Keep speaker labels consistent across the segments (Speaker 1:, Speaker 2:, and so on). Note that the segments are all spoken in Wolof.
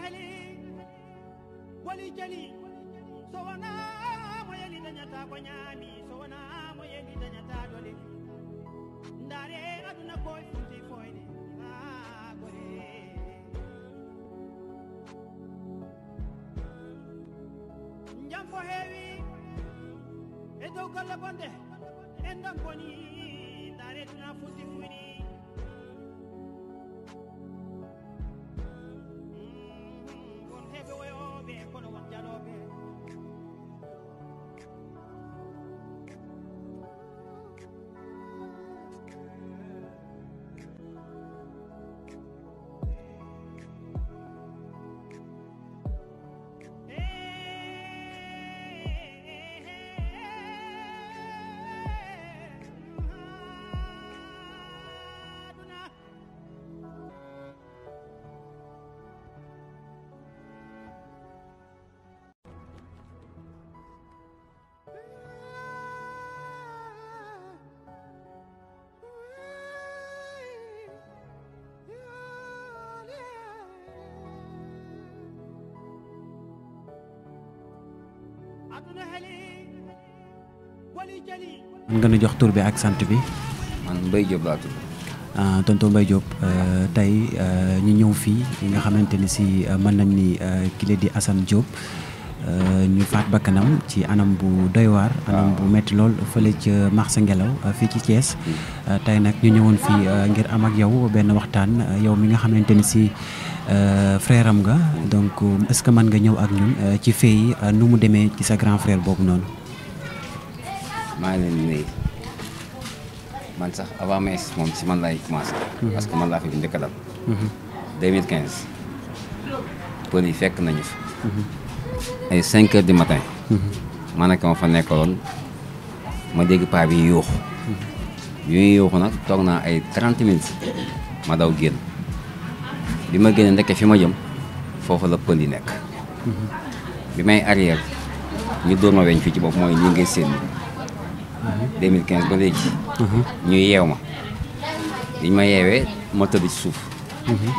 Speaker 1: mo
Speaker 2: ولي جلي سوانا ميلي دنيتا بنيامي سوانا ميلي دنيتا دولي ndare aduna koy futi foyde ha gore jam ko heewi e dow golle bonde en dan boni
Speaker 1: man
Speaker 2: nga nu jox tur ak sant bi. man Mbaye Diop laa tudd. Ah, euh, tey euh, ñu ñëw fii nga xamante ni si euh, mën nañ ni kile di Assane Diop. ñu faat bakkanam ci anam bu doy anam bu metti lool fële ca marché ngelaw fii ci Thiès
Speaker 1: hmm.
Speaker 2: tey nag ñu ñëwoon fii ngir am ak yow benn waxtaan yow mi nga xamante ni si. Euh, frère am nga donc euh, est-ce que man nga ñëw ak ñun euh, ci fee yi nu mu demee ci sa grand frère boobu noonu. maa
Speaker 3: leen di man sax avant may moom si man lay commencé. Mhm. parce que man laa fi njëkk a dal. 2015 mhm. pël yi fekk nañu fi. Mhm. ay cinq heures du matin. man ak ma fa nekkaloon ma dégg paa bi yuuxu. bi yuuxu nag toog naa ay 30 minutes ma daw génn. bi ma génne ndeke fi ma jëm foofu la pël yi nekk bi may arrière ñu dóor ma weñ fii ci bopp mooy lii ngay seen 2015 ba léegi ñu yeew ma liñ ma yeewe ma tëdd ci suuf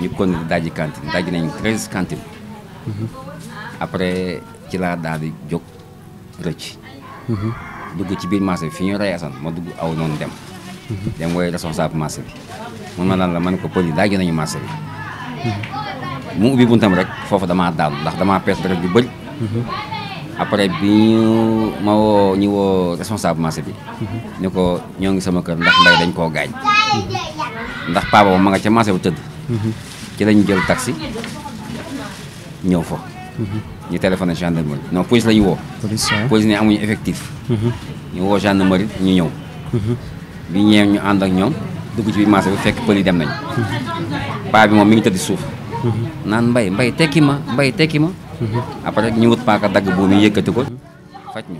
Speaker 3: ñu kon dajji cantine dajji nañu treize cantine après ci laa daal di jóg rëcc dugg ci biir marché bi fi ñu rey Assane ma dugg aw noonu dem dem wooy responsable marché bi mun ma lan la man ko pël yi dajji nañu marché bi mu ubbi buntam rek foofu damaa daal ndax damaa pees deret ju bëri. après bi ñu ma woo ñu woo responsable marché bi. ni ko ñoo ngi sama kër ndax mbay dañ koo gaañ. ndax paa ma nga ca marché bu tëdd. ci lañu jël taxi ñëw fa. ñu téléphoné gendarmerie non police la ñu woo. police police ne amuñu effectif. Mhm. ñu woo gendarmerie ñu ñëw. Mhm. bi ñëwee ñu ànd ak ñoom. dugg ci biir marché bi fekk pël yi dem nañ paa bi moom mi ngi tëdd suuf naan mbay mbay tekki ma mbay tekki ma après ñu wut paaka dagg buum yi yëkkati ko faj ñu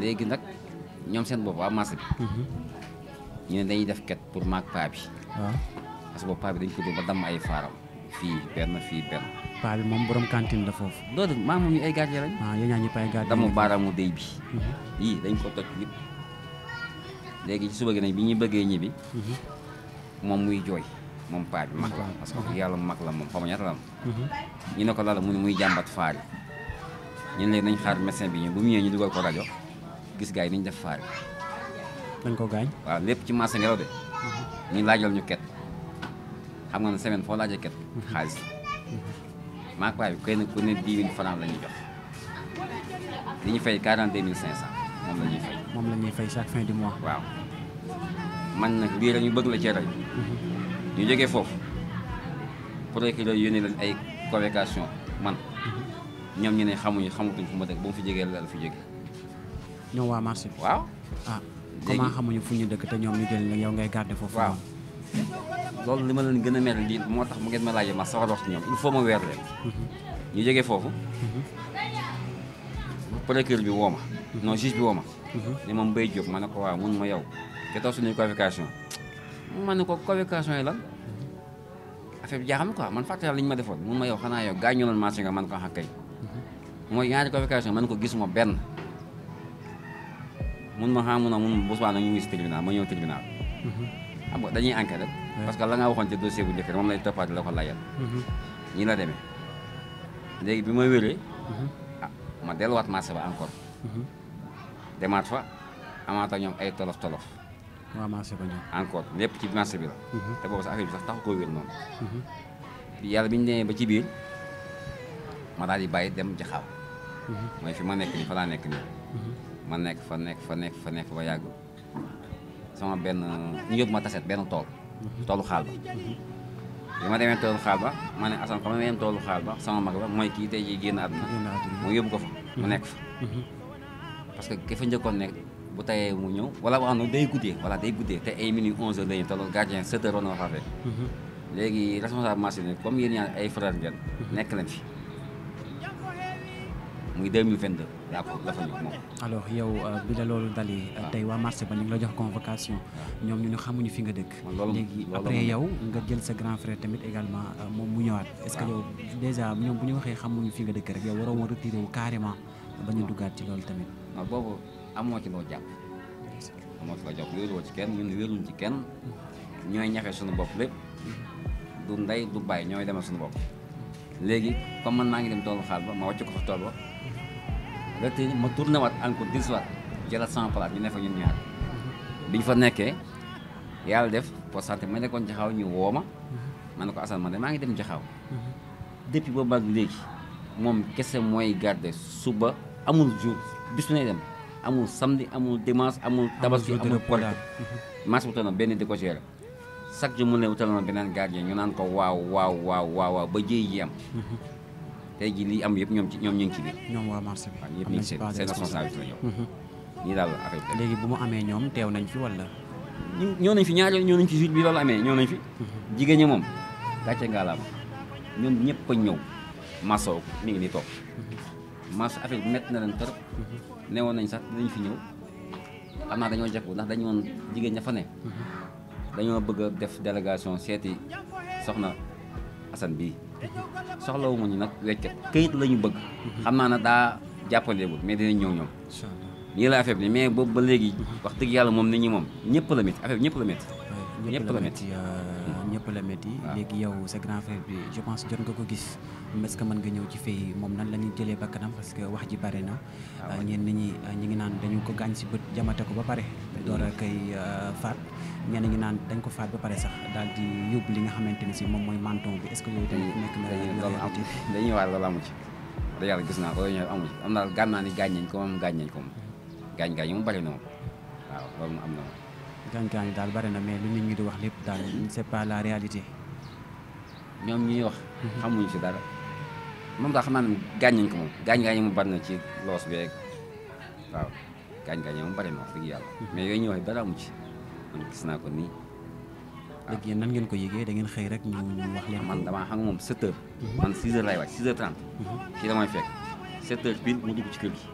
Speaker 3: léegi nag ñoom seen bopp waa marché bi ñu ne dañuy def ket pour maag paa bi parce que boobu paa bi dañ ko dóor ba damm ay faaram fii benn fii benn
Speaker 2: paa bi moom borom cantine la foofu
Speaker 3: loolu maa moom ñu ay gardien lañ waaw ah, yéen ñaa ñëpp ay baaraamu déy bi mhm. yii dañ ko toj yëpp léegi ci suba gi nañ bi ñuy bëggee ñibbi. Mhm. moom muy jooy moom paa bi mag la parce que mhm. yàlla mag la moom xaw ma ñaata la mhm. ñu ne ko lala mu ne muy jàmbat faar ñu ñun léegi nañ xaar médecin bi ñu bu mu ñëwee ñu dugal ko rajo gis gars yi nañ def faar yi. dañ ko gaañ. waaw lépp ci marché ngelaw de. ñu laajal ñu ket. xam nga ne semaine foo laajee ket. xaalis maa paa bi kenn ku ne 10 000 francs jox. li ñu fey 42 500 moom la ñuy moom la ñuy fay chaque fin du mois. waaw. man nag lii rek ñu bëgg la cee rey ñu jógee foofu procureur yónnee leen ay convocation man ñoom ñu ne xamuñu xamatuñ fu ma dëkk ba mu fi jógee la la fi jógee.
Speaker 2: ñoom waa marché bi waaw. ah comment xamuñu fu ñu dëkk te ñoom ñu jël la yow ngay garder foofu. waaw
Speaker 3: loolu li ma leen gën a mer lii moo tax mu ngeen ma laajee ma sawar wax ci ñoom il faut ma weer leen. Mhm. ñu jege foofu. Mhm. procureur bi woo ma. non juge bi woo ma. Mhm. ne ma Mbaye Diop ma ne ko waaw mun ma yow. te tax suñuy convocation man ne ko convocation yi lan affaire bi jaaxal na quoi man fàttali li ñu ma defoon mun ma yow xanaa yow gaañu loon marché nga man ko xam kay mooy ñaari convocation man ko gis gisuma benn mun ma xam mun a mun bu subaa ñu wis tribunal ma ñëw tribunal a nga dañuy enquête rek parce que la nga waxoon ci dossier bu njëkk moom lay toppaati la ko layal ñi la demee léegi bi ma wéree ah ma delluwaat marché ba encore demaat fa amaat ak ñoom ay tolof tolof waaw marché ba ñor encore lépp ci marché bi la. Mhm. te boobu sax affaire bi sax taxu koo wér noonu. Mhm. yàlla bi ñu demee ba ci biir ma daal di bàyyi dem jaxaaw. Mhm. mooy fi ma nekk nii fa laa nekk nii. ma nekk fa nekk fa nekk fa nekk ba yàgg sama benn ñu ma taset benn tool. toolu xaal ba. bi ma demee ma ne asan toolu xaal ba sama mag ba mooy kii tey jii génn àdduna. génn àdduna mu yóbbu ko fa mu nekk fa. parce que ki fa njëkkoon nekk. bu tayee mu ñëw wala wax noonu day guddee voilà day guddee te ay minuit 11 heures la ñu te loolu gardien 7 heures war na waxaafee mhm. léegi responsable marché ne comme yéen ñaar ay frère ngeen mhm. nekk nañ fi muy 2022 yaa ko la fa ñu
Speaker 2: yow euh, bi la loolu dalee euh, ah. tey waa marché ba ñu ngi la jox convocation ah. ñoom ñu ne xamuñu fi nga dëkk léegi après yow nga jël sa grand frère tamit également euh, moom mu ñëwaat ah. est-ce que yow déjà ñoom bu ñu waxee xamuñu fi nga dëkk rek yow waroo woon retiré wu carrément ba ñu duggaat ci loolu tamit
Speaker 3: boobu amoo ci loo jàpp amoo ci loo jàpp wéeruwoo ci kenn ñun wéeruñ ci kenn ñooy ñafe suñu bopp lépp du ndey du bàyyi ñooy demal suñu bopp léegi comme man maa ngi dem toolu xaal ba ma wàcc ko fa tool ba rete ma tourné waat encore dix waat jëlaat sama palaat ñu ne fa ñu ñaar biñ fa nekkee yàlla def pour santé ma nekkoon jaxaaw ñu woo ma ma ne ko Assane ma de maa ngi dem jaxaaw depuis boobu ak léegi moom kese mooy garde suba amul jour bis bu ne dem amul samedi amul dimanche amul tabaski amul korite mhm. marché wutal na benn décoché la chaque jour mu ne wutal na beneen gardien ñu naan ko waaw waawaaw waaw waaw ba jéy ji am mhm. tey ji li am yëpp ñoom ci ñoom ñu ngi ci ñoom waa marché ñëpp ñu seen responsabilité la ñoom
Speaker 1: ñii
Speaker 3: mhm. daal affaire bi bu mu amee ñoom teew nañ fi wala ñoo nañ fi ñaari ñoo nañ fi juge bi loolu amee ñoo nañ fi jigéen ñi moom gàcce ngaalaama ñoom ñëpp a ñëw masow mi ngi ni toog maas affaire bi métti na leen trop. Mhm. woon nañ sax dinañ fi ñëw xam naa dañoo jekku ndax dañu jigéen ña fa ne. Mhm. dañoo bëgg a def délégation seeti soxna Assane bii mhm. soxlawu ñu nag weccat këyit la ñu bëgg. xam naa ne daa jàppaleegul mais dinañ ñëw ñoom. incha allah nii la affaire bi mais boobu ba léegi. wax dëgg yàlla moom nit ñi moom ñëpp la métti affaire bi ñëpp la métti. ñëpp la métti
Speaker 2: euh, ñëpp la métti léegi yow sa grand frère bi je pense jot nga ko gis est-ce que mën nga ñëw ci fay moom nan la ñuy jëlee bakkanam parce que wax ji bare na ah, euh, ñeen nit ñi euh, ñi ngi naan dañu ko gaañ si bët jamate ko ba pare door a koy faat ñenn ñi naan dañ ko faat ba pare sax daal di yóbbu li nga xamante ni si moom mooy menton bi est-ce que yooyu tamit
Speaker 3: nekk na dañuy waar loolu amu ci da yàlla gis naa ko yooyu amu ci am naa ni gaañ nañ ko moom gaañ nañ ko moom gaañ gaañ moom bari na gaañ-gaañ daal bari na mais lu nit ñi di wax lépp daal c'est pas la réalité. ñoom ñuy wax. Mhm. xamuñu ci dara moom daal xam naa ne gaañ nañ ko moom gaañ-gaañ mu bari na ci loos bi rek waaw gaañ-gaañ mu bari na wax dëgg yàlla. Mhm. mais yooyu ñuy wax dara amu ci man gis naa ko nii. léegi yéen nan ngeen ko yëgee da ngeen xëy rek ñu wax leen. man damaa xam nga moom 7 heures. Mhm. man 6 heures lay wàcc 6 heures 30. fii fekk 7 heures mu dugg ci kër gi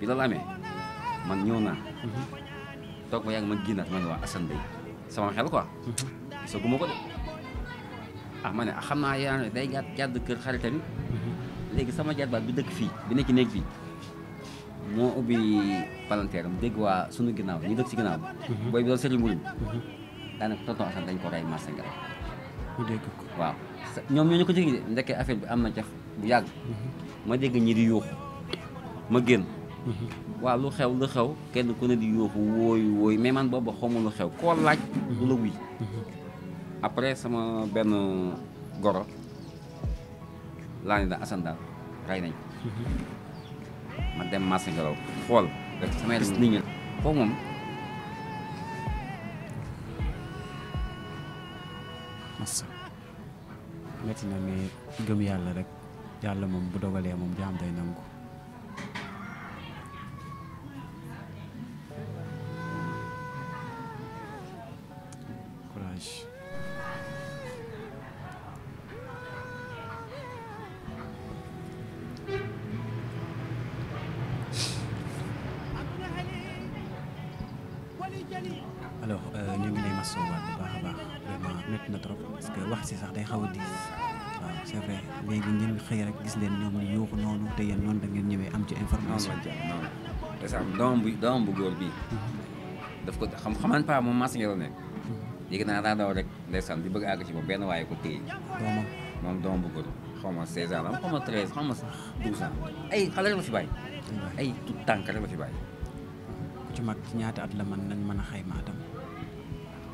Speaker 3: bi loolu man ñëw naa. toog ma yàgg ma génnaat ma ne waa Assane sama xel quoi. Mhm. ko de ah ma ne ah, xam naa yaa day gàtt jàdd kër xaritam mhm. léegi sama jarbaat bi dëkk fii bi nekk néeg fii moo ubbi palanteeram dégg waa sunu ginnaaw ñu dëkk si ginnaaw bi. Mhm. booy bi doon sëriñ Mouroum. daanaka tonton Assane dañ ko rey marché nga mu dégg ko bi am na jax bu yàgg. ma dégg ñi di yuux ma génn. waaw lu xew lu xew kenn ku ne di yooxu wooyu wooyu mais man booba xawma lu xew koo laaj du la wuy après sama benn goro laa ne da Assane daal rey nañ ma dem marché ngelaw xool rek samay des nit ñi foofu moom
Speaker 2: metti na mais gëm yàlla rek yàlla moom bu dogalee moom jaam day nangu si sax day xaw a diis waaw c'est vrai léegi ngeen xëy rek gis leen ñoom ñu yuuxu noonu te yéen noonu da ngeen ñëwee am ci information. noonu la doom
Speaker 3: bu doom bu góor bii. daf ko xam xaman moom mas ngi la naa daa daw rek ndeysaan di bëgg àgg ci moom benn waaye ko téye. doomam moom doom bu góor xaw ma 16 ans la xaw ma 13 xaw ma 12 ans ay xale rek la fi bàyyi. ay tout tànk rek la fi bàyyi. ku ci mag ci
Speaker 2: ñaata at la man nañ mën a xaymaa tam.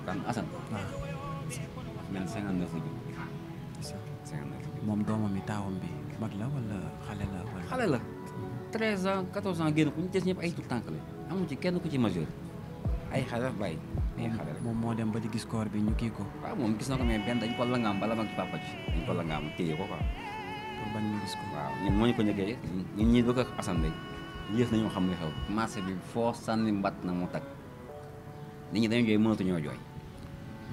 Speaker 2: kan Assane man 59 la jëm. c' moom doomam yi taawam bi mag la wala xale
Speaker 3: la wala. xale la 13 ans 14 ans génn ku ñu des ñëpp ay tout tànk la amu ci kenn ku ci majeur ay xale daf bàyyi. ay xale rek moom moo dem ba di gis koor bi ñu kii ko. waaw moom gis na ko mais benn dañ ko langaam bala mag papa ji dañ ko langaam téye ko quoi. pour bañ ñu gis ko. waaw ñun ñu bëgg ak Assane lañ yées nañoo xam ne xew. marché bi foo sànni mbat na mu tag nit ñi dañu jooy mënatuñoo jooy.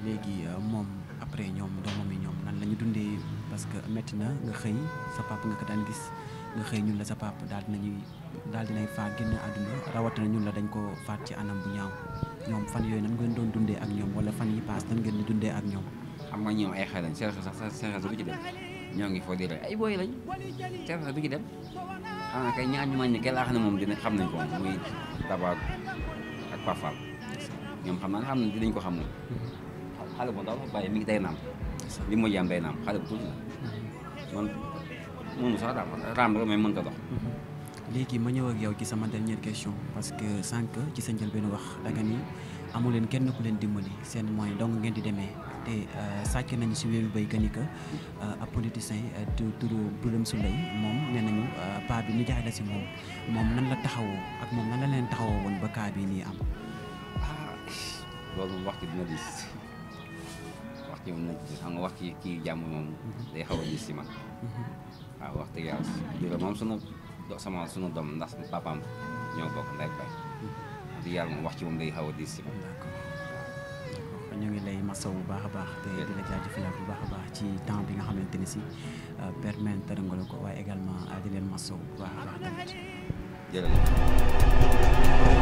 Speaker 3: léegi euh, moom. après
Speaker 2: ñoom doomam yi ñoom nan la ñu dundee parce que métti na nga xëy sa papa nga ko daan gis nga xëy ñun la sa papa daal dinañuy daal dinay faa génn àdduna rawatina ñun la dañ ko faat ci anam bu ñaaw ñoom fan yooyu nan ngeen doon dundee ak
Speaker 3: ñoom wala fan yi ngeen di dundee ak ñoom. xam nga ñoom ay xel lañ seen xel sax seen xel ci dem ñoo ngi foo di ay booy lañ seen xel du ci dem xanaa kay ñaar ñu ma ne kay laa xam ne moom dina xam nañ ko muy Daba ak Pafal ñoom xam naa xam nañ dinañ ko xam moom. Mm-hmm. xale bu ndaw la mi ngi day naam li mu yem day naam xale bu tuuti la man mënu
Speaker 2: léegi ma ñëw ak yow ci sama dernière question parce que sànq ci sa njël benn wax da ni amu leen kenn ku leen dimbali seen moyen donc ngeen di demee te sàcc nañu si wéeru béykat yi que ab politicien turu su Souleye moom nee nañu paa bi nijaay la si moom moom nan la taxawoo ak moom nan la leen taxawoo woon ba kaa bi nii am.
Speaker 3: wax ci moom nañ ci xam nga wax ci kii jàmm moom day xaw a gis si man waaw wax dëgg yàlla Bira moom sunu sama sunu doom ndax papaam ñoo bokk ndey wax yàlla moom wax ci moom day xaw a diis si man
Speaker 2: ngi lay masaw bu baax a baax te di la jaajëfalaat bu a baax ci temps bi nga xamante ni si euh, permettre nga ko waaye également di leen
Speaker 1: masaw bu baax a baax tamit